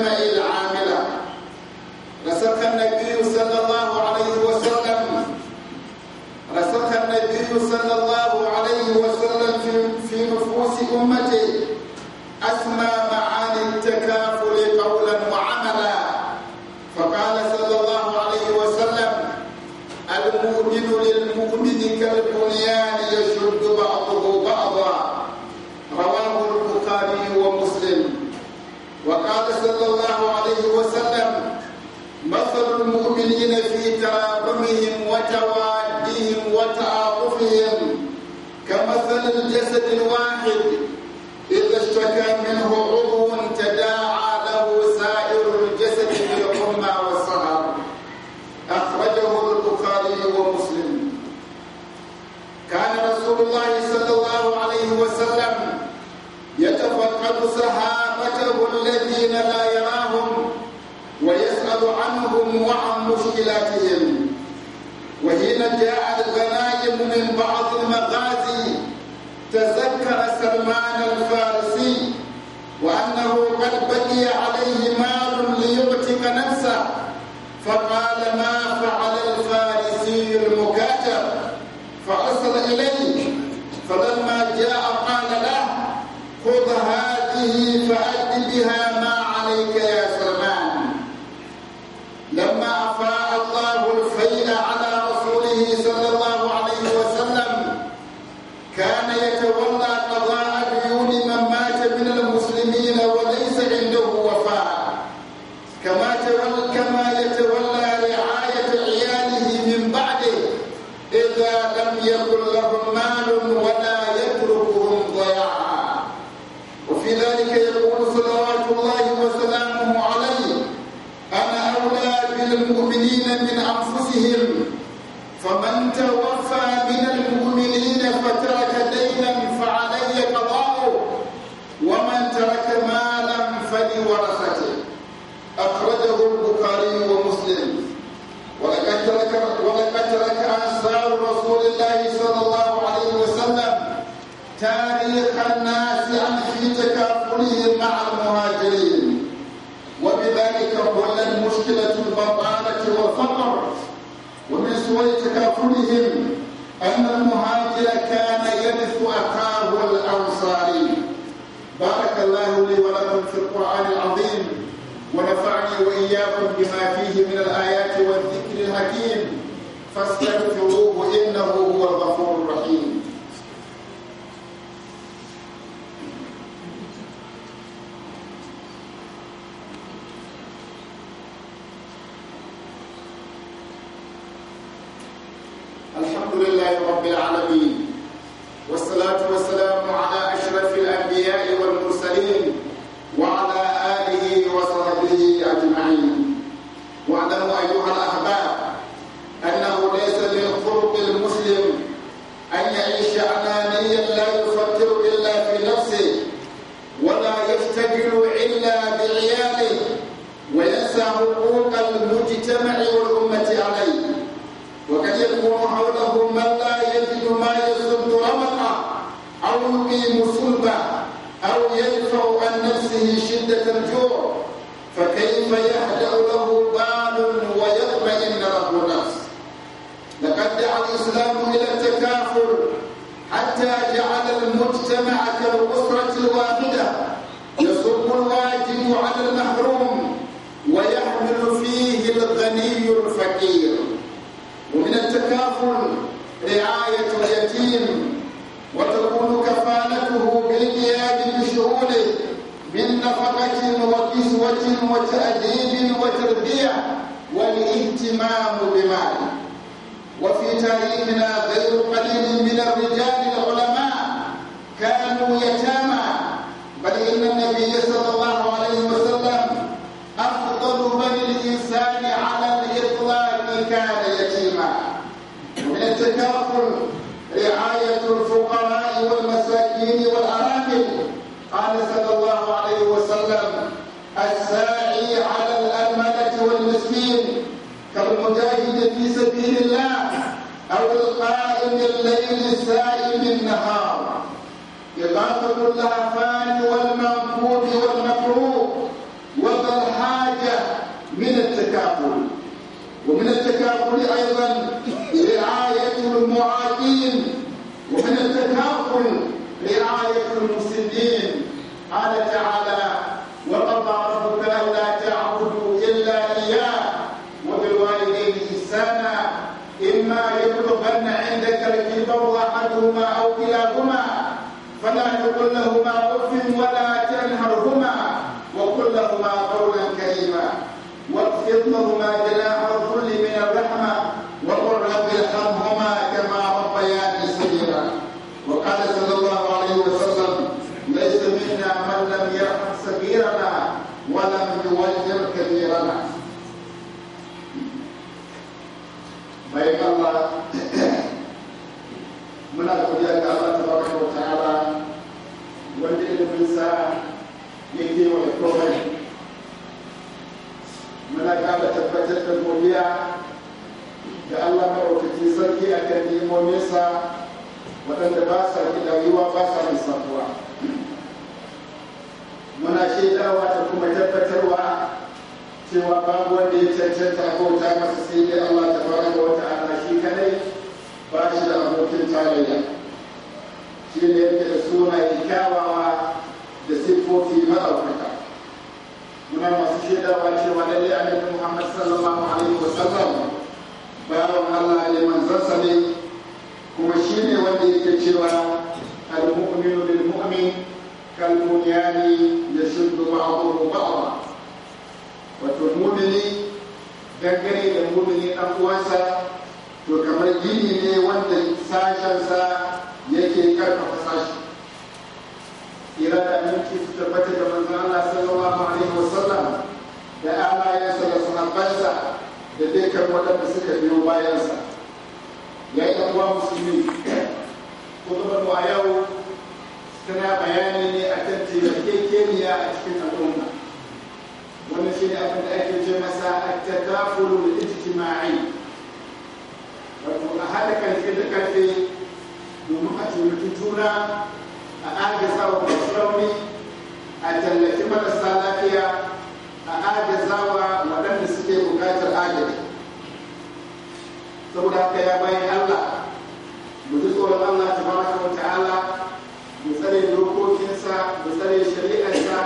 إنما إذا جسد واحد إذا اشتكى منه عضو تداعى له سائر الجسد الحمى والسهر أخرجه البخاري ومسلم كان رسول الله صلى الله عليه وسلم يتفقد صحابته الذين لا يراهم ويسأل عنهم وعن مشكلاتهم وحين جاء الغنائم من بعض المغازي تذكر سلمان الفارسي وأنه قد بقي عليه مال ليعتق نفسه فقال ما فعل الفارسي المكاتب فأرسل إليه فلما جاء قال له خذ هذه فأد بها ما عليك يا سلمان شوية كفرهم أن المهاجر كان يرث أخاه الأنصاري بارك الله لي ولكم في القرآن العظيم ونفعني وإياكم بما فيه من الآيات والذكر الحكيم فاستغفروه إنه هو الغفور الرحيم الحمد لله رب العالمين والصلاة والسلام على أشرف الأنبياء والمرسلين وكسوة وتأديب وتربية المسلمين كالمجاهد في سبيل الله أو القائم الليل السائم النهار إغاثة اللهفان والمنفوذ والمكروه وذا الحاجة من التكافل ومن التكافل أيضا رعاية المعادين ومن التكافل رعاية المسلمين قال تعالى تقل لهما اف ولا تنهرهما وقل لهما قولا كريما واخفض لهما جناح الذل من الرحمه وقل رب ارحمهما كما ربياني صغيرا وقال صلى الله عليه وسلم ليس منا من لم يرحم صغيرنا ولم يوجر كبيرنا baik Allah muna godiya ga Allah tabaraka wa ta'ala ilimin sa'a ya kewaye muna ƙara tabbatar da godiya ga allah maɗaukaki sarki a kan nemominsa waɗanda ba sa ƙidayuwa ba sa lissafuwa muna shaidawa da kuma tabbatarwa cewa babu wanda ya cancanta a bauta masa sai dai allah ta fara da wata ana shi kadai ba shi da abokin tarayya shi ne yake da sunaye kyawawa sifofi maɗaukaka muna masu shaidawa cewa lalle annabi muhammad sallallahu alaihi wa sallam bawan allah ne manzansa ne kuma shi ne wanda yake cewa al-mu'minu bil mu'min kal bunyani yashuddu ba'dahu ba'dha wato mu'mini dangane da mu'mini dan uwansa to kamar gini ne wanda sashensa yake karfafa sashi kira da aminci su tabbata da manzon Allah sallallahu alaihi wasallam da alayensa da sahabbansa da dukkan waɗanda suka biyo bayansa ya yi ɗan musulmi kutubar wa yau tana bayani ne a kan taimakekeniya a cikin al'umma wani shi ne abin da ake ce masa a tattafuru da ijtima'i wato a haɗa karfe da karfe domin a taimaki juna a ajiye wa rauni a tallafi marasa lafiya a agaza wa waɗanda suke buƙatar agaji saboda haka ya bayan allah mu ji tsoron allah ta tabaraka wa ta'ala mu tsare dokokinsa mu tsare shari'arsa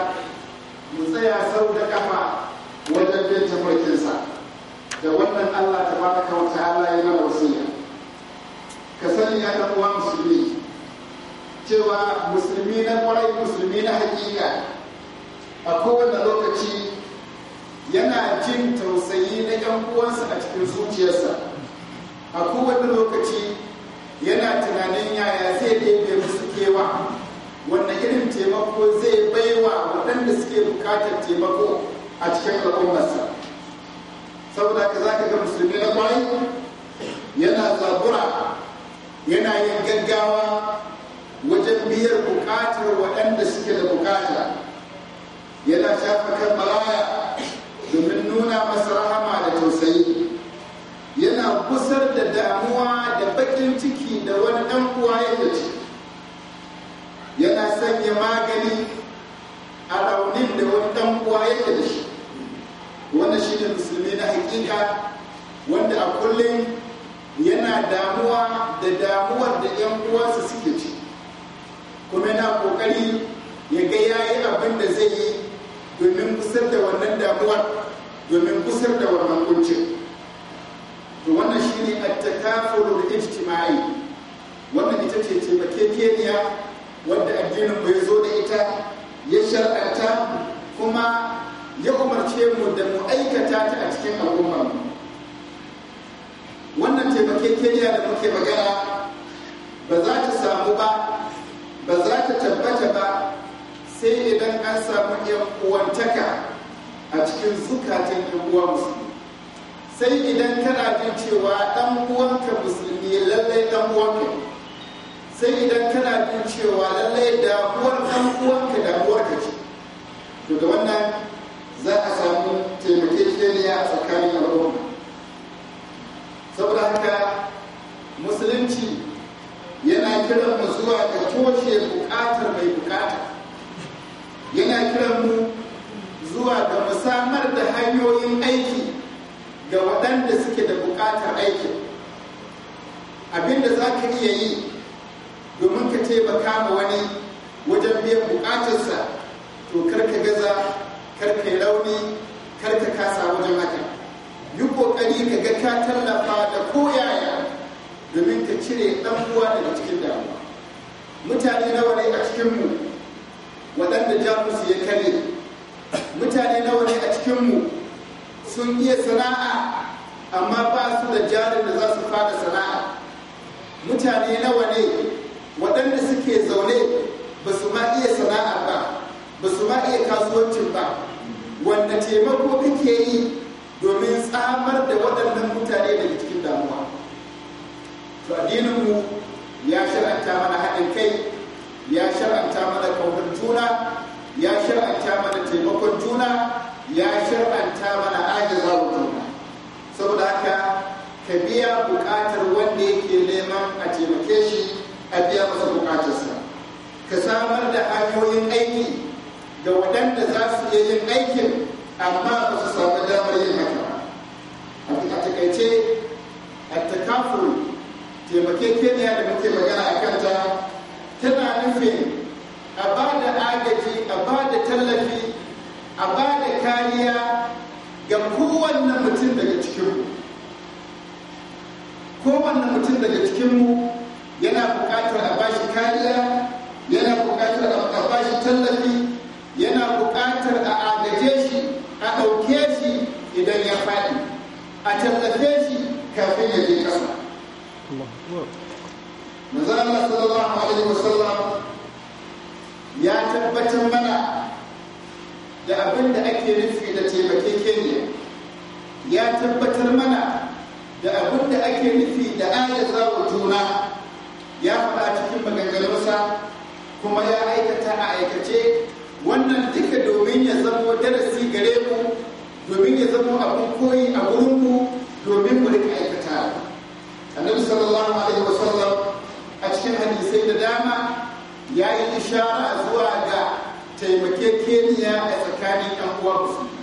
mu tsaya sau da kafa wajen bin tafarkinsa da wannan allah ta tabaraka wa ta'ala ya mana wasiya ka sani ya ɗan uwa musulmi cewa musulmi na kwarai musulmi na hakika a kowane lokaci yana jin tausayi na yan uwansa a cikin zuciyarsa a kowane lokaci yana tunanin yaya zai ɗebe musu kewa wanda irin taimako zai baiwa waɗanda suke buƙatar taimako a cikin al'ummarsa saboda ka za ka ga musulmi na kwarai yana zabura yana yin gaggawa biyar bukatar waɗanda suke da bukata yana shafa kan maraya domin nuna masa rahama da tausayi yana kusar da damuwa da bakin ciki da wani ɗan uwa yake ci yana sanya magani a raunin da wani ɗan uwa yake da shi Wani shi ne musulmi na hakika wanda a kullum yana damuwa da damuwar da 'yan uwansa uwa domin kusar da wannan kuncin to wannan shine at-takafulul ijtima'i wannan ita ce taimakekeniya wanda addinin bai zo da ita ya shar'anta kuma ya umarce mu da mu aikata ta a cikin al'umma wannan taimakekeniya da muke magana ba za ta samu ba ba za ta tabbata ba sai idan an samu yan uwantaka a cikin zukatan uwa musulmi sai idan kana jin cewa dan uwanka musulmi lallai dan uwanka sai idan kana jin cewa lallai damuwar dan uwanka da ka ce to da wannan za a samu ne a tsakanin al'umma saboda haka musulunci yana kiran mu zuwa ga toshe bukatar mai bukata yana kiran mu zuwa ga musamar da hanyoyin aiki ga waɗanda suke da buƙatar aiki abinda za ka iya yi domin ka ce taimaka ma wani wajen biyan buƙatarsa to karka gaza karka yi rauni karka kasa wajen haka yi ƙoƙari ka ga ka tallafa da koyaya domin ka cire ɗan uwa daga cikin damuwa mutane nawa ne a cikinmu waɗanda jamus ya kare mutane nawa ne a cikinmu sun iya sana'a amma ba su da jarin da za su fada sana'a mutane nawa ne waɗanda suke zaune ba su ma iya sana'a ba ba su ma iya kasuwancin ba wanda taimako kake yi domin tsamar da waɗannan mutane daga cikin damuwa to addininmu ya shar'anta mana haɗin kai ya shar'anta mana kaunar juna ya shar'anta mana taimakon juna ya shar'anta mana ajiza juna saboda haka ka biya bukatar wanda yake neman a taimake shi a biya masa bukatarsa ka samar da hanyoyin aiki da waɗanda za su iya yin aikin amma ba su samu damar yin haka a takaice a takafuru taimakekeniya da muke magana a kanta kariya ga kowanne mutum daga cikinmu kowanne mutum daga cikinmu yana buƙatar a bashi kariya yana buƙatar a bashi tallafi yana buƙatar a agaje shi a ɗauke shi idan ya faɗi a tallafe shi kafin ya je kasa manzon Allah sallallahu alaihi wasallam ya tabbatar mana da abin da ake nufi da keniya ya tabbatar mana da abin da ake nufi da za wa juna ya faɗa cikin maganganunsa kuma ya aikata a aikace wannan duka domin ya zamo darasi gare mu domin ya zamo abin koyi a wurinku domin mu rika aikata annabi sallallahu alaihi wasallam a cikin hadisai da dama ya yi ishara zuwa ga keniya a tsakanin 'yan uwa musulmi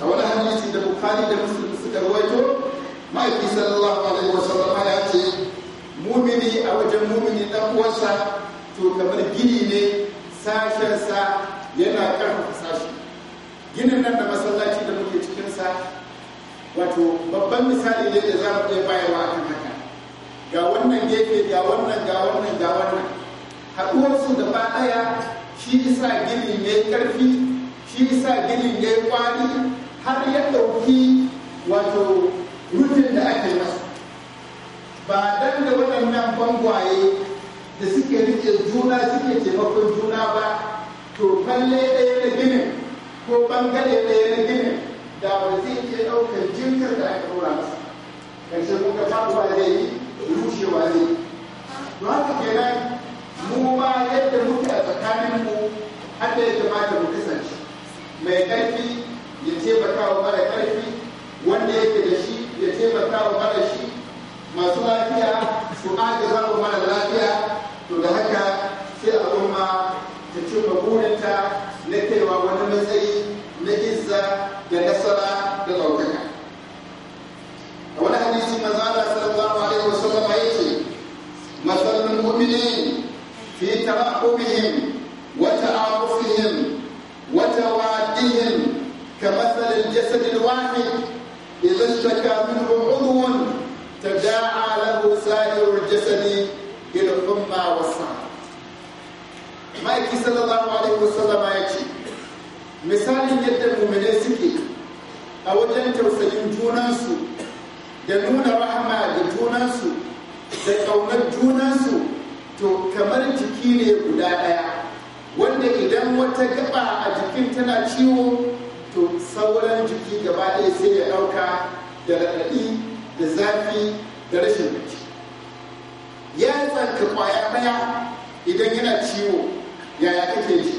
a wani hadisi da bukhari da muslim suka rawaito ma'aiki sallallahu alaihi wa sallam ya ce mumini a wajen mumini dan uwarsa to kamar gini ne sashen sa, yana karfafa sashi ginin nan da masallaci da muke cikinsa wato babban misali ne da za mu iya bayarwa akan haka ga wannan gefe ga wannan ga wannan ga wannan haɗuwarsu ba ɗaya shi isa gini ne ƙarfi shi isa gini ne kwari har ya ɗauki wato rufin da aka masa ba dan da waɗannan bangwaye da suke rike juna suke taimakon juna ba to falle ɗaya na ginin ko bangare ɗaya na ginin da ba zai iya ɗaukar jirgin da aka ɗora masa ƙarshe kuka faɗuwa zai yi rushewa zai yi haka kenan mu ma yadda muke a tsakanin mu hadda ya kamata mu kasance mai ƙarfi ya taimaka wa mara karfi wanda yake da shi ya taimaka wa mara shi masu lafiya su agaza wa mara lafiya to da haka sai al'umma ta cimma burinta na kaiwa wani matsayi na izza da nasara da ɗaukaka a wani hadisi maza Allah sallallahu alaihi wasallam ya ce masalul mu'minin fi tarahumihim سائر الجسد بالحمى والسعر ma'aiki sallallahu alaihi wasallam ya ce misalin yadda mumine suke a wajen tausayin junansu da nuna rahama da junansu da ƙaunar junansu to kamar jiki ne guda ɗaya wanda idan wata gaba a jikin tana ciwo to sauran jiki gaba ɗaya sai ya ɗauka da raɗaɗi da zafi da rashin ya tsanka kwaya daya idan yana ciwo yaya kake shi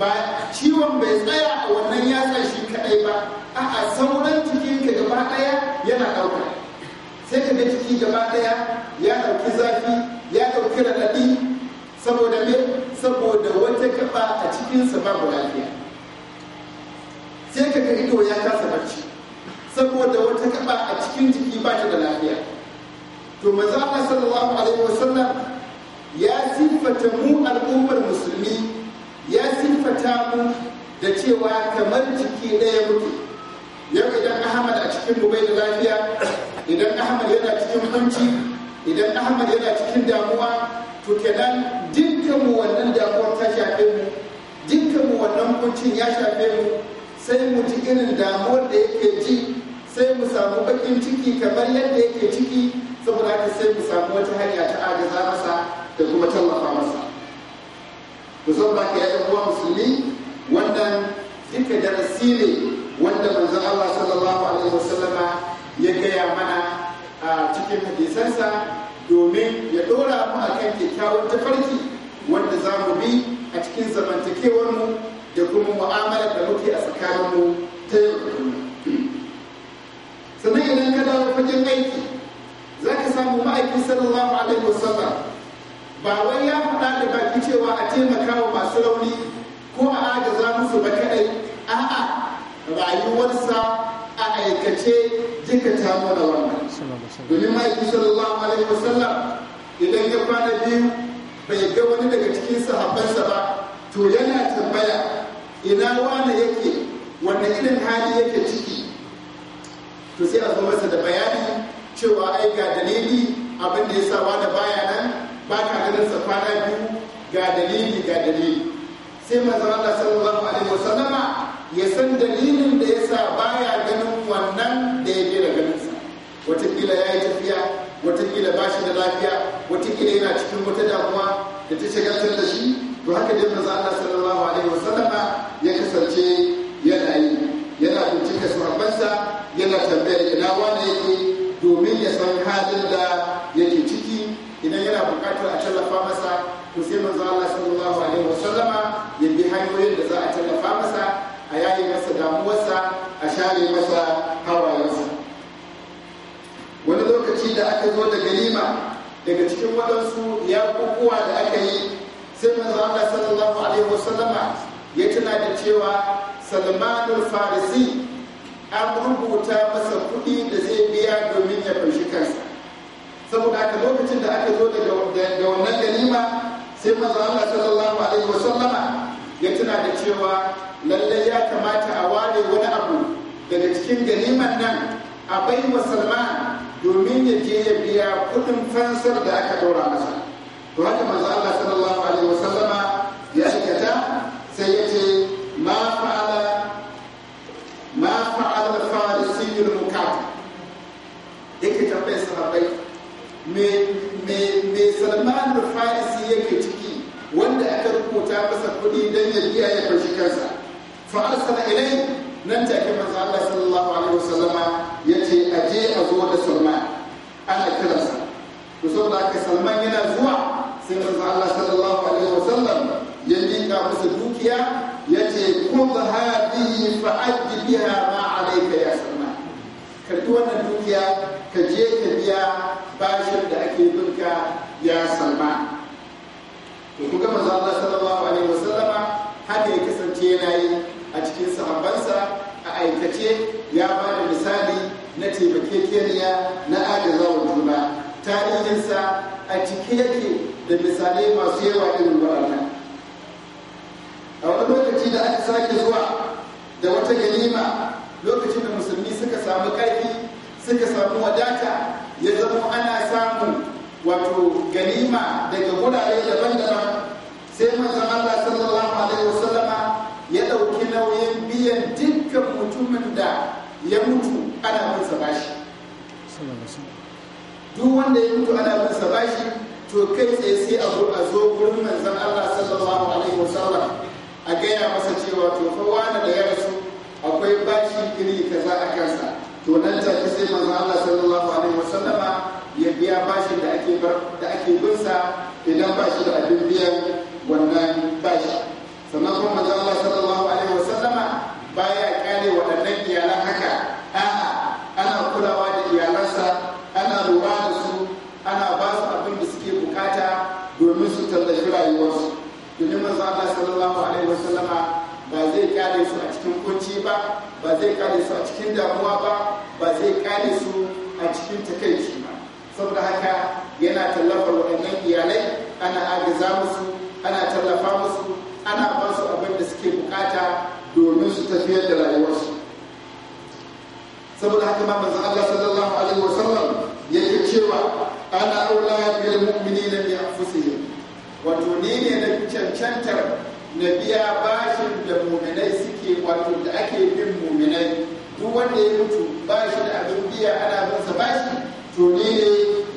ba ciwon bai tsaya a wannan yatsa shi kadai ba a'a sauran jikinka gaba daya yana dauka sai ka ga ciki gaba daya ya dauki zafi ya dauki radadi saboda me saboda wata kaba a cikin sa babu lafiya sai ka ga ido ya kasa barci saboda wata kaba a cikin jiki ba ta da lafiya to manzo sallallahu alaihi wasallam ya sifata mu al'ummar musulmi ya sifata mu da cewa kamar jiki ɗaya mutu. yau idan ahmad a cikin bai da lafiya idan ahmad yana cikin kunci idan ahmad yana cikin damuwa to kenan dukkan mu wannan damuwar ta shafe mu dukkan mu wannan kuncin ya shafe mu sai mu ji irin damuwar da yake ji sai mu samu bakin ciki kamar yadda yake ciki saboda haka sai mu samu wata hanya ta agaza masa da kuma tallafa masa ba ka yi uwa musulmi wannan duka darasi ne wanda manzon Allah sallallahu alaihi wasallama ya gaya mana a cikin hadisansa domin ya dora mu akan kyakkyawan tafarki wanda za mu bi a cikin zamantakewar mu da kuma mu'amalar da muke a tsakaninmu ta yau da kullum sannan idan ka dawo fagen aiki za ka samu ma'aikin sallallahu alaihi wasallam ba wai ya faɗa da baki cewa a taimaka wa masu rauni ko a agaza musu ba kadai a'a rayuwarsa a aikace jika ta mana wannan domin ma'aikin sallallahu alaihi wasallam idan ya kwana biyu bai ga wani daga cikin sahabbansa ba to yana tambaya ina wani yake wanne irin hali yake ciki to sai a zo masa da bayani cewa ai ga dalili abin da ya sa da baya nan ba ka ganin sa kwana biyu ga dalili ga dalili sai manzon Allah sallallahu alaihi wasallama ya san dalilin da ya sa baya ganin wannan da ya gina ganin sa wataƙila ya yi tafiya watakila ba shi da lafiya watakila yana cikin wata damuwa da ta shagaltar da shi to haka dai manzon Allah sallallahu alaihi wasallama ya kasance yana yi yana bincika sahabbansa yana tambayar ina wane yake domin ya san halin da yake ciki idan yana bukatar a tallafa masa to sai manzo Allah sallallahu alaihi wasallama ya bi hanyoyin da za a tallafa masa a yayi masa damuwarsa a share masa hawayensa wani lokaci da aka zo da ganima daga cikin wadansu ya kukuwa da aka yi sai manzo Allah sallallahu alaihi wasallama ya tuna da cewa salmanul farisi an rubuta masa kuɗi da zai biya domin ya fashi kansa saboda haka lokacin da aka zo da wannan ganima sai maza Allah sallallahu alaihi wa sallama, ya tuna da cewa lallai ya kamata a ware wani abu daga cikin ganiman nan a bai wa Salman domin ya je ya biya kuɗin fansar da aka ɗora masa to haka maza Allah sallallahu alaihi wa sallama, ya aikata sai ya ce rubuta masa kuɗi don ya a ya fashi kansa fa arsala ilai nan take manzo Allah sallallahu alaihi wasallama yace aje a zo da Salman ana kiransa to saboda haka Salman yana zuwa sai manzo Allah sallallahu alaihi wasallam ya dinga masa dukiya yace kun hadihi fa addi biha ma alayka ya Salman karbi wannan dukiya ka je ka biya bashin da ake dukka ya Salman kuka ku ga Allah sallallahu alaihi wasallama haka ya kasance yana yi a cikin sahabbansa a aikace ya ba da misali na taimakekeniya na agazawa juna tarihinsa a cike yake da misalai masu yawa irin waɗannan a wani lokaci da aka sake zuwa da wata ganima lokacin da musulmi suka samu ƙarfi suka samu wadata ya zama ana samun wato ganima daga wurare daban-daban sai manzon Allah sallallahu alaihi wasallama ya ɗauki nauyin biyan dukkan mutumin da ya mutu ana bin bashi duk wanda ya mutu ana bin bashi to kai tsaye sai a zo a zo gurin manzon Allah sallallahu alaihi wasallam a gaya masa cewa to fa wani da ya rasu akwai bashi iri kaza a kansa to nan take sai manzo Allah sallallahu alaihi wasallama ya biya bashi da ake bar da ake sa idan bashi da abin biyan wannan bashi sannan kuma manzo Allah sallallahu alaihi wasallama baya kare waɗannan iyalan haka a'a ana kulawa da iyalansa ana lura da su ana ba su abin da suke bukata domin su tallafi rayuwarsu domin manzo Allah sallallahu alaihi wasallama ba zai kare su a cikin kunci ba ba zai kare su a cikin damuwa ba ba zai kare su a cikin takaici ba saboda haka yana tallafar waɗannan iyalai ana agaza musu ana tallafa musu ana ba su abin da suke bukata domin su tafiyar da rayuwarsu saboda haka mamman manzon Allah sallallahu alaihi wasallam ke cewa ana aula bil mu'minina bi anfusihim wato ni ne na cancantar na biya bashin da muminai suke wato da ake bin muminai duk wanda ya mutu bashi da abin biya ana binsa bashi to ni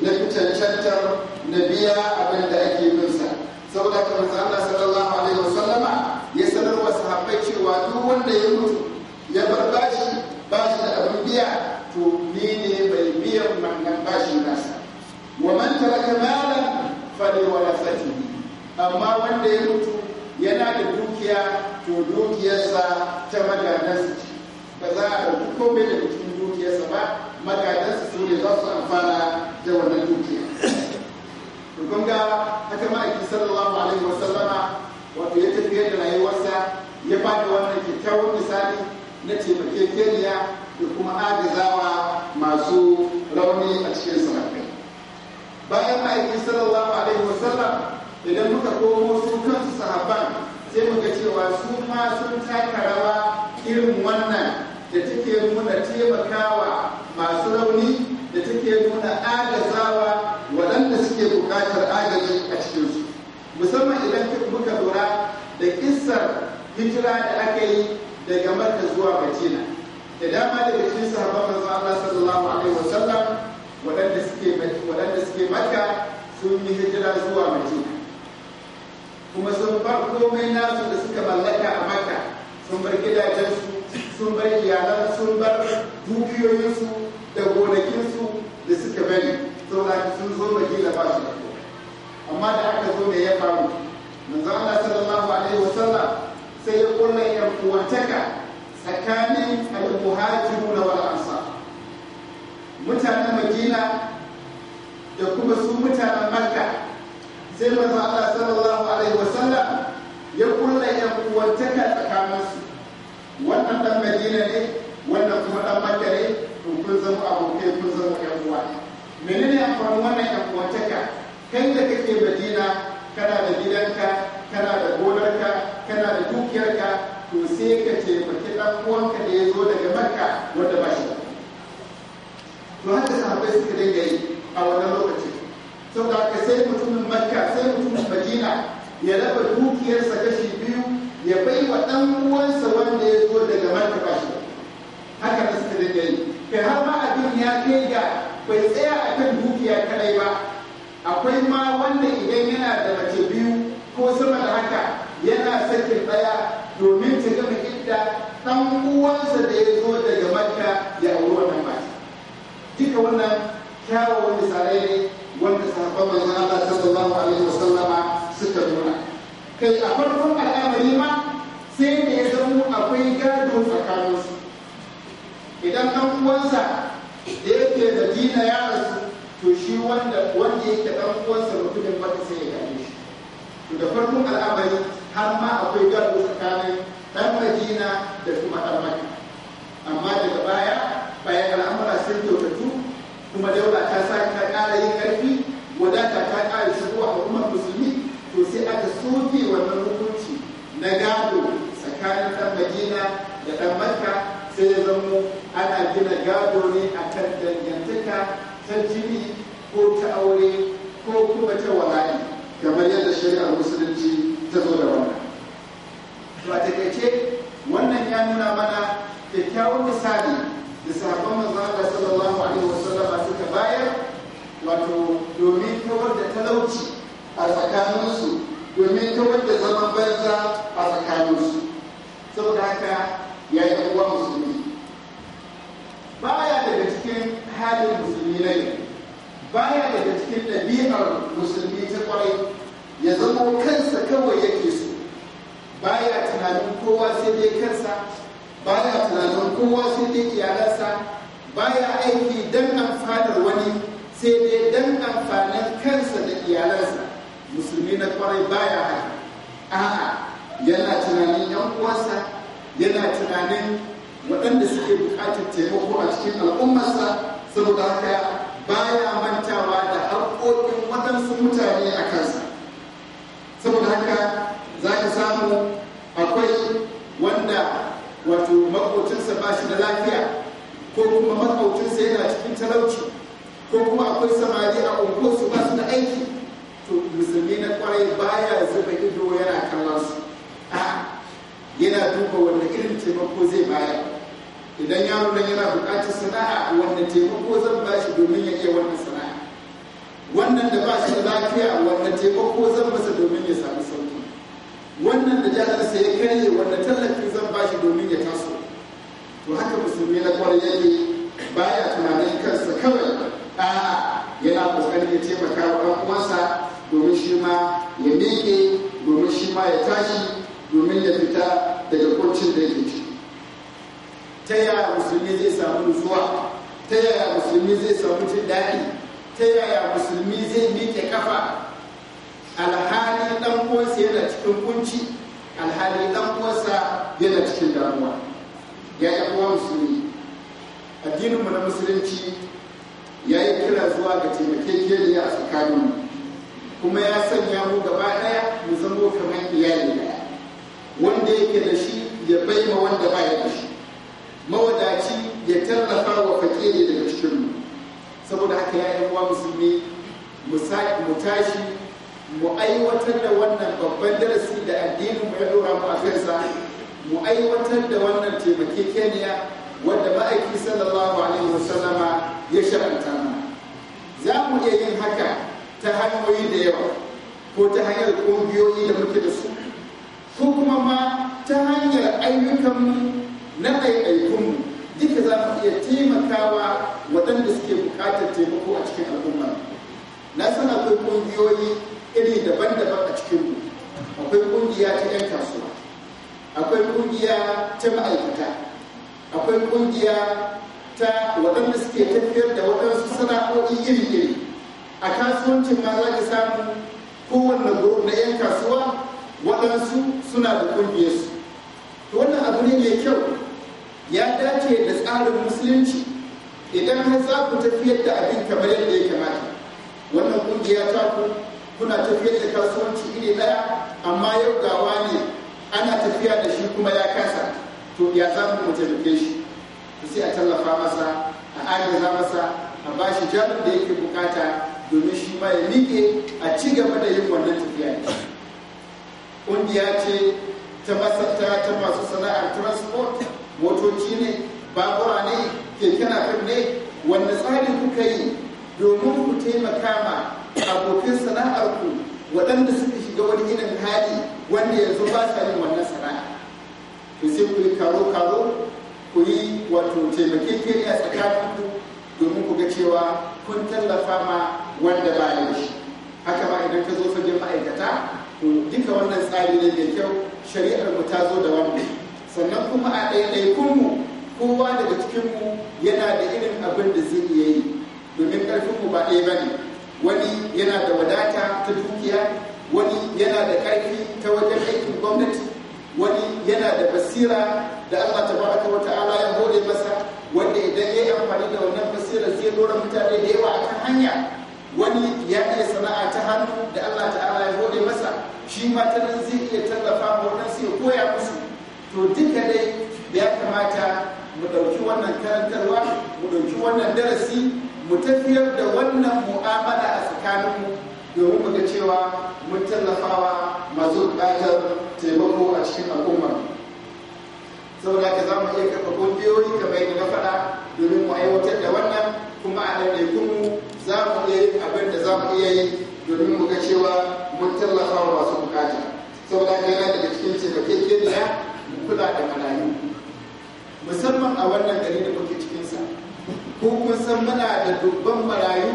ne na fi cancantar na biya abin da ake binsa saboda ka manzo Allah sallallahu alaihi wasallama ya sanar wa sahabbai cewa duk wanda ya mutu ya bar bashi bashi da abin biya to ni ne bai biyan wannan bashin nasa wa man taraka malan fa li warasatihi amma wanda ya mutu yana da dukiya to dukiyarsa ta magadansa ce ba za a ɗauki komai daga cikin dukiyarsa ba magadansa su ne za su amfana da wannan dukiya dukkan ga haka ma'aiki sallallahu alaihi wasallama wato ya tafiyar da rayuwarsa ya ba da wannan kyakkyawan misali na taimakekeniya da kuma agazawa masu rauni a cikin samarkai bayan ma'aikin sallallahu alaihi wasallam idan muka komo su kansu sahabban sai muka cewa su ma sun taka rawa irin wannan da take nuna taimakawa masu rauni da take nuna agazawa waɗanda suke buƙatar agaji a cikinsu musamman idan muka lura da kissar hijira da aka yi daga makka zuwa madina da dama daga cikin sahabban manzo Allah sallallahu alaihi wasallam waɗanda suke waɗanda suke makka sun yi hijira zuwa madina kuma sun bar komai nasu da suka mallaka a maka sun bar gidajensu sun bar iyalan sun bar dukiyoyinsu kan da kake madina kana da gidanka kana da gonarka kana da dukiyarka to sai ka ce maki dan uwanka da ya zo daga makka wanda ba shi to haka sahabbai suka dinga yi a wannan lokaci saboda ka sai mutumin makka sai mutumin madina ya raba dukiyarsa kashi biyu ya bai wa dan uwansa wanda ya zo daga makka ba shi haka suka dinga yi kai har ma abin ya kai ga bai tsaya akan dukiya kadai ba akwai ma wanda idan yana da mace biyu ko sama da haka yana sakin ɗaya domin ta gama idda ɗan uwansa da ya zo daga makka ya auri wannan mace duka wannan kyawawan misalai ne wanda sahabban manzon Allah sallallahu alaihi wasallam suka nuna kai a farkon al'amari ma sai da ya zama akwai gado tsakaninsu idan ɗan uwansa da yake da dina ya to shi wanda wanda yake dan uwansa mutumin wanda sai ya gane shi to da farkon al'amari har ma akwai gado tsakanin dan Madina da kuma dan amma daga baya bayan al'amura sun kyautatu kuma daula ta sa ta ƙara yin ƙarfi wadata ta ƙara shigo a hukumar musulmi to sai aka soke wannan hukunci na gado tsakanin dan Madina da dan Makka sai ya zamo ana gina gado ne a kan dangantaka ta jini ko ta aure ko kuma ta wala'i kamar yadda shari'ar musulunci ta zo da wannan to a takaice wannan ya nuna mana kyakkyawan misali da sahabban manzon Allah sallallahu alaihi wasallam suka bayar wato domin kawar da talauci a tsakaninsu domin kawar da zaman banza a tsakaninsu saboda haka ya yi abubuwa musulmi baya daga cikin halin musulmi na yau baya daga cikin ɗabi'ar musulmi ta kwarai ya zama kansa kawai yake so baya tunanin kowa sai dai kansa baya tunanin kowa sai dai iyalansa baya aiki don amfanar wani sai dai don amfanin kansa da iyalansa musulmi na kwarai baya haka a'a yana tunanin yan uwansa yana tunanin waɗanda suke buƙatar taimako a cikin al'ummarsa saboda haka baya mantawa da haƙoƙin waɗansu mutane a kansa saboda haka za ka samu akwai wanda wato maƙocinsa ba shi da lafiya ko kuma maƙocinsa yana cikin talauci ko kuma akwai samari a unguwarsu ba su da aiki to musulmi na kwarai baya zuba ido yana kallon a yana duba wanda irin taimako zai bayar idan yaro nan yana bukatar sana'a wanda taimako zan ba shi domin ya iya wannan sana'a wannan da ba shi da lafiya wanda taimako zan masa domin ya samu sauki wannan da jadarsa ya karye wanda tallafi zan ba shi domin ya taso to haka musulmi na kwarai yake baya tunanin kansa kawai a yana kokarin ya taimaka wa ɗan uwansa domin shi ma ya miƙe domin shi ma ya tashi domin ya fita daga kuncin da yake ciki ta yaya musulmi zai samu nutsuwa ta yaya musulmi zai samu jin daɗi ta yaya musulmi zai miƙe kafa alhali ɗan uwansa yana cikin kunci alhali ɗan uwansa yana cikin damuwa ya yi uwa musulmi addininmu na musulunci ya yi kira zuwa ga taimakekeniya a tsakaninmu kuma ya sanya mu gaba ɗaya mu zama kamar iyali ɗaya wanda yake da shi ya bai ma wanda ba ya da shi mawadaci ya tallafa wa fakiri daga cikin mu saboda haka ya yi uwa musulmi mu tashi mu aiwatar da wannan babban darasi da addinin mu ya dora mu a kansa mu aiwatar da wannan taimakekeniya wanda ma'aiki sallallahu alaihi wasallama ya sharanta mu. za mu iya yin haka ta hanyoyi da yawa ko ta hanyar ƙungiyoyi da muke da su ko kuma ma ta hanyar ayyukan na ɗaiɗaikun duka za mu iya taimakawa waɗanda suke buƙatar taimako a cikin al'umma na san akwai ƙungiyoyi iri daban-daban a cikinmu akwai ƙungiya ta 'yan kasuwa akwai ƙungiya ta ma'aikata akwai ƙungiya ta waɗanda suke tafiyar da waɗansu sana'o'i iri-iri a kasuwancin ma za ki samu kowanne na 'yan kasuwa waɗansu suna da ƙungiyarsu to wannan abu ne mai kyau ya dace da tsarin musulunci idan har za ku tafiyar da abin kamar yadda ya kamata wannan ƙungiya ta ku kuna tafiyar da kasuwanci iri ɗaya amma yau gawa ne ana tafiya da shi kuma ya kasa to ya za mu taimake shi sai a tallafa masa a agaza masa a ba shi jarin da yake bukata domin shi ma ya miƙe a ci gaba da yin wannan tafiya Kungiya ce ta masarta ta masu sana'ar transport motoci ne babura ne keke nafir ne wanda tsari kuka yi domin ku taimaka ma abokin sana'arku waɗanda suka shiga wani irin hali wanda yanzu ba sa yin wannan sana'a to sai ku yi karo karo ku yi wato taimakekeniya ku domin ku ga cewa kun tallafa ma wanda ba shi haka ma idan ka zo fagen ma'aikata to duka wannan tsari ne mai kyau shari'ar mu ta zo da wannan sannan kuma a ɗaiɗai kunmu. kowa daga cikin mu yana da irin abin da zai iya yi domin ƙarfin mu ba ɗaya bane wani yana da wadata ta dukiya wani yana da ƙarfi ta wajen aikin gwamnati wani yana da basira da Allah ta baraka wa ta'ala ya hore masa wanda idan ya yi amfani da wannan basira zai lura mutane da yawa akan hanya wani ya iya sana'a ta hannu da Allah ta'ala shi matanin zai iya tallafa ma su ya koya musu to duka dai ya kamata mu ɗauki wannan karantarwa mu ɗauki wannan darasi mu tafiyar da wannan mu'amala a tsakaninmu domin mu ga cewa mun tallafawa masu buƙatar taimako a cikin al'umma saboda ka za mu iya karɓa ƙungiyoyi kamar yadda na faɗa domin mu aiwatar da wannan kuma a ɗaiɗaikunmu za mu iya yin abin da za mu iya yi domin mu ga cewa mun tallafa wa masu bukata saboda haka yana daga cikin taimakekeniya mu kula da marayu musamman a wannan gari da muke cikinsa ko kun san muna da dubban marayu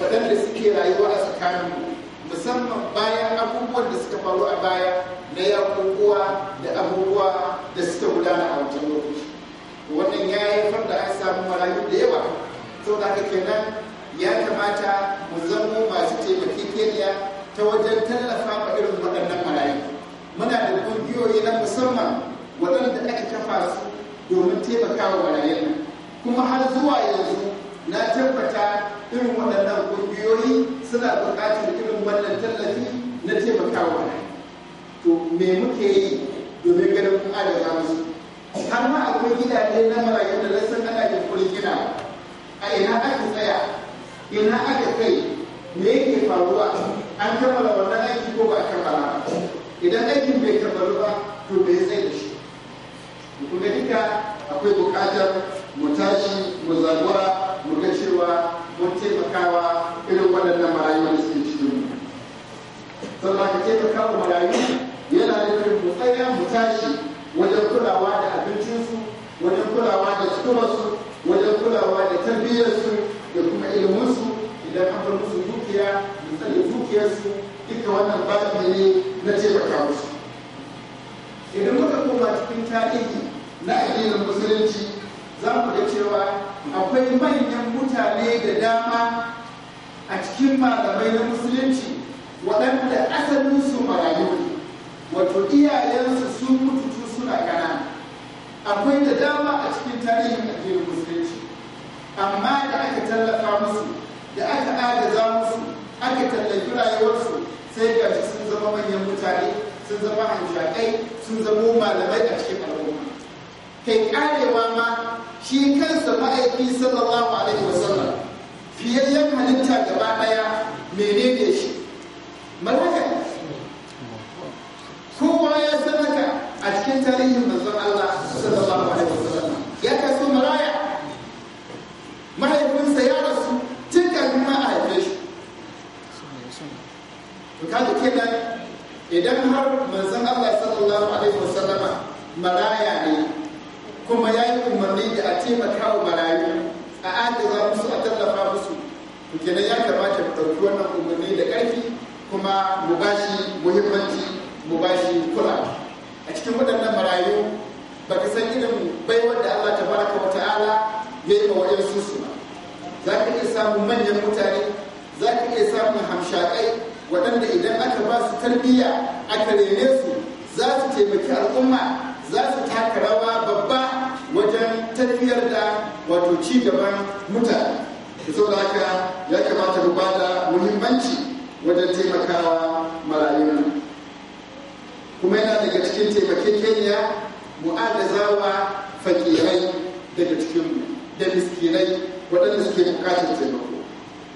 waɗanda suke rayuwa a tsakanin musamman bayan abubuwan da suka faru a baya na yakukuwa da abubuwa da suka gudana a wancan lokaci wannan ya haifar da an samu marayu da yawa da haka kenan ya kamata mu zamo masu taimakekeniya ta wajen tallafa ba irin waɗannan marayu muna da ƙungiyoyi na musamman waɗanda aka kafa su domin taimaka wa marayun nan kuma har zuwa yanzu na tabbata irin waɗannan ƙungiyoyi suna buƙatar irin wannan tallafi na wa marayu to me muke yi domin ganin da za musu har ma akwai gidaje na marayun da na san ana yunkurin gina a ina aka tsaya ina aka kai me yake faruwa an kammala wannan aiki ko ba a kammala ba idan aikin bai kammalu ba to bai zai da shi da duka akwai buƙatar mu tashi mu zagora mu ga cewa mun taimakawa irin waɗannan marayu da suke cikin mu sannan ka taimakawa marayu yana nufin mu tsaya mu tashi wajen kulawa da abincinsu wajen kulawa da suturarsu wajen kulawa da tarbiyyarsu da kuma iliminsu idan an bar musu dukiya da dukiyarsu duka wannan babi ne na taimaka musu idan muka koma cikin tarihi na addinin musulunci za mu ga cewa akwai manyan mutane da dama a cikin malamai na musulunci waɗanda asalinsu marayu wato iyayensu sun mutu suna ƙanana akwai da dama a cikin tarihin addinin musulunci amma da aka tallafa musu da aka agaza musu aka tallafi rayuwarsu sai ga sun zama manyan mutane sun zama hanshakai sun zama malamai a cikin al'umma kai karewa ma shi kansa ma'aiki sallallahu alaihi wasallam fiyayyen halitta gaba daya menene shi malaka kowa ya sanaka a cikin tarihin manzo idan har manzon Allah sallallahu alaihi wasallama maraya ne kuma ya yi umarni da a taimaka wa marayu a agaza musu a tallafa musu to kenan ya kamata mu ɗauki wannan umarni da ƙarfi kuma mu bashi muhimmanci mu bashi kula a cikin waɗannan marayu ba ka san irin baiwar da Allah ta baraka wa ta'ala ya yi wa su ba za ka iya samun manyan mutane za ka iya samun hamshakai waɗanda idan aka ba su tarbiyya aka rene su za su taimaki al'umma za su taka rawa babba wajen tarbiyyar da wato ci gaban mutane saboda haka ya kamata mu ba da muhimmanci wajen taimakawa marayun kuma yana daga cikin taimakekeniya mu'adazawa fakirai daga cikin da miskirai waɗanda suke bukatar taimako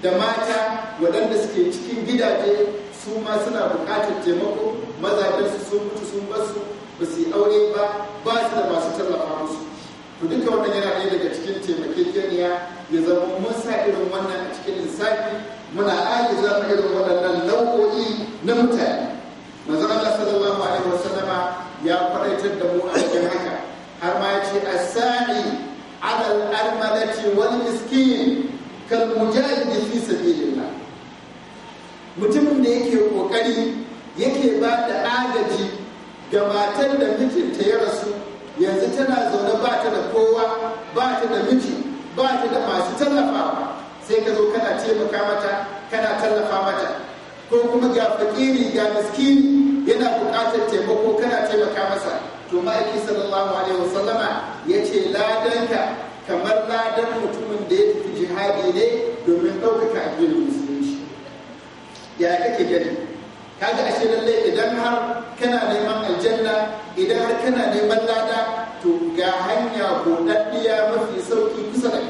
da mata waɗanda suke cikin gidaje su ma suna buƙatar taimako mazajensu sun mutu sun basu ba su yi aure ba ba su da masu tallafa musu to duka wannan yana ɗaya daga cikin keniya ya zama mun sa irin wannan a cikin lissafi muna mu irin waɗannan nau'o'i na mutane manzo Allah sallallahu alaihi wasallama ya faɗaitar da mu a cikin haka har ma ya ce as-sa'i 'ala al-armalati wal miskin kal mujahidi fi sabilillah mutumin da yake kokari yake ba da agaji ga matar da mijinta ya rasu yanzu tana zaune ba ta da kowa ba ta da miji ba ta da masu tallafa sai ka zo kana taimaka mata kana tallafa mata ko kuma ga fakiri ga miskini yana buƙatar taimako kana taimaka masa to ma'aiki sallallahu alaihi wasallama ya ce ladanka kamar ladan mutumin da ya tafi jihadi ne domin ɗaukaka addinin musulunci ya kake gani kaga ashe lalle idan har kana neman aljanna idan har kana neman lada to ga hanya buɗaɗɗiya mafi sauki kusa da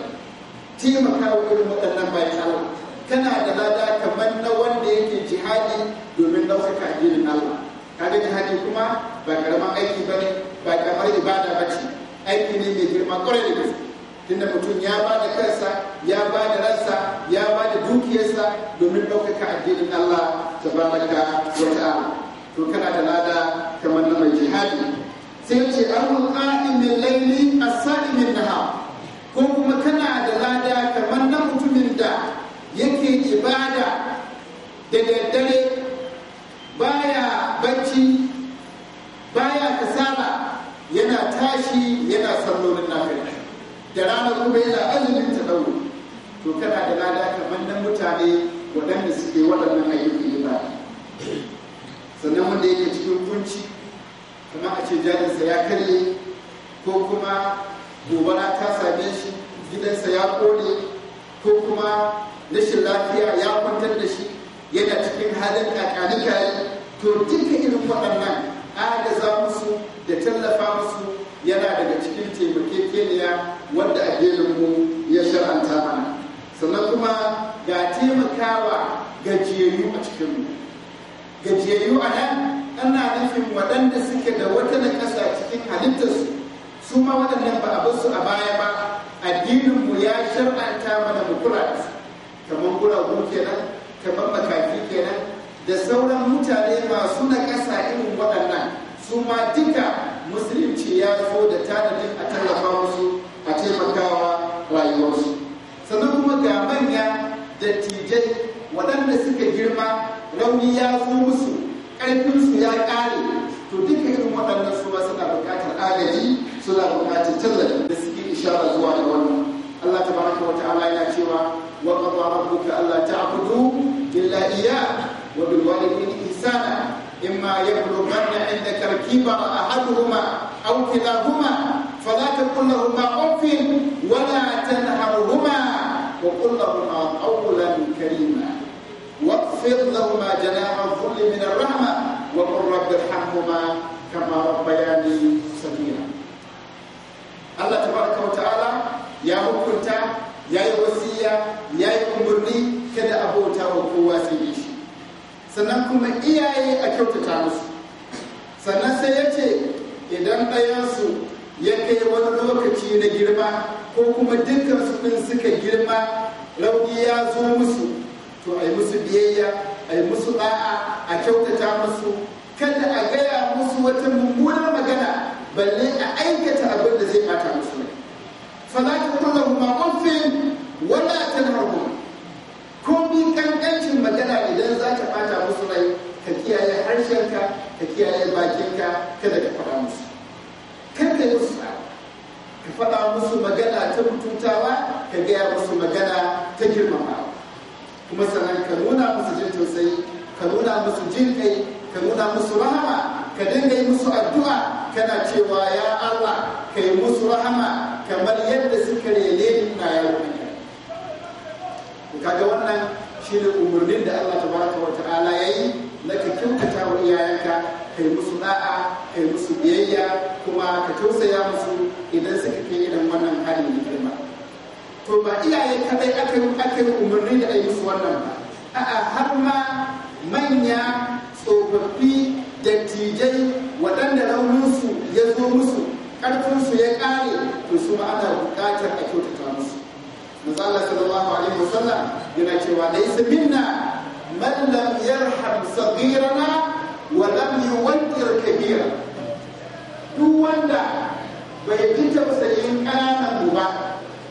taimaka wa irin waɗannan bayan Allah kana da lada kamar na wanda yake jihadi domin ɗaukaka addinin Allah kaga jihadi kuma ba karaman aiki bane ba kamar ibada bace aiki ne mai girma ƙwarai da gaske tunda mutum ya ba da kansa ya ba da ransa ya ba da dukiyarsa domin ɗaukaka addinin Allah ta tabaraka wa ta'ala to kana da lada kamar na mai jihadi sai ce arun mai laili as-sa'imin nahar ko kuma kana da lada kamar na mutumin da yake ibada da daddare da ranar kuma yana azumin ta dauro to kana da lada kamar nan mutane waɗanda suke waɗannan ayyukan ba sannan wanda yake cikin kunci kamar a ce jarinsa ya karye ko kuma gobara ta same shi gidansa ya kone ko kuma rashin lafiya ya kwantar da shi yana cikin halin kakanika to duka irin waɗannan za musu da tallafa musu yana daga cikin taimakekeniya wanda addininmu ya shar'anta mana sannan kuma ga taimakawa gajiyayyu a cikinmu gajiyayyu a nan ana nufin waɗanda suke da wata nakasa cikin halittarsu su ma waɗannan ba a su a baya ba addininmu ya shar'anta mana mu kula kamar guragu kenan kamar makafi kenan da sauran mutane masu na ƙasa irin waɗannan su ma duka musulunci ya zo da tanadin a tallafa musu a taimakawa rayuwarsu sannan kuma ga manya dattijai waɗanda suka girma rauni ya zo musu ƙarfinsu ya ƙare to duka irin waɗannan su ba suna buƙatar agaji suna buƙatar tallafi da suke ishara zuwa da wannan Allah baraka wa ta'ala ya cewa wa qadara rabbuka ta ta'budu illa ya wa bil walidayni ihsana إما يبلغن عندك الكبر أحدهما أو كلاهما فلا تقل لهما أف ولا تنهرهما وقل لهما قولا كريما واخفض لهما جناح الذل من الرحمة وقل رب ارحمهما كما ربياني صغيرا الله تبارك وتعالى يا hukunta ya yi wasiya ya yi umarni kada abota wa kowa sai shi sannan kuma iyaye a kyautata musu sannan sai ya ce idan ɗayansu ya kai wani lokaci na girma ko kuma dukkan su ɗin suka girma rauni ya zo musu to a yi musu biyayya a yi musu ɗa'a a kyautata musu kada a gaya musu wata mummunar magana balle a aikata abin da zai ɓata musu ne. Sannan ta kuma ma kiyaye bakinka kada ka faɗa musu kada ka yi musu ka faɗa musu magana ta mutuntawa ka gaya musu magana ta girmamawa kuma sannan ka nuna musu jin tausayi ka nuna musu jin kai ka nuna musu rahama ka dinga yi musu addu'a kana cewa ya Allah ka yi musu rahama kamar yadda suka rene ni na yaro kaga wannan shine umarnin da Allah tabaraka wa ta'ala yayi na ka kyautata wa iyayenka kai musu da'a kai musu biyayya kuma ka tausaya musu idan suka ke irin wannan hali mai girma to ba iyaye kadai aka yi umarni da ayi yi musu wannan ba a'a har ma manya tsofaffi dattijai waɗanda rauninsu ya zo musu ƙarfinsu ya ƙare to su ma ana buƙatar a kyautata musu misalla sallallahu alaihi wasallam yana cewa laysa minna man lam yarham saghirana wa lam yuwakkir kabira duk wanda bai ji tausayin ƙananan mu ba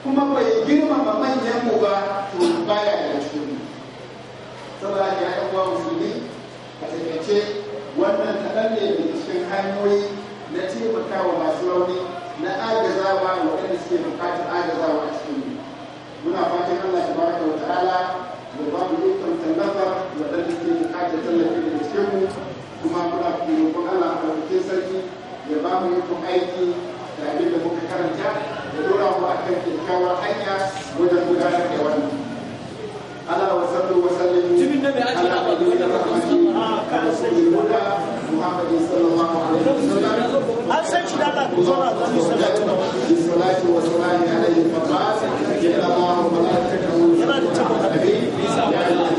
kuma bai girmama manyan mu ba to baya da cikin saboda ya yi wa musulmi a takaice wannan kaɗan ne da cikin hanyoyi na taimakawa masu rauni na agazawa waɗanda suke bukatar agazawa a cikin muna fatan Allah baraka wa ta'ala da ba mu ikon tallafar waɗanda suke bukatar tallafi daga cikin mu kuma muna roƙon Allah ɗauke sarki ya ba mu yi aiki da abin da muka karanta da dora mu akan kyakkyawar hanya wajen gudanar da wannan Allah wa sallu wa sallimu ala nabiyina Muhammadin wa rasulillah da Allah ku wa alaihi wa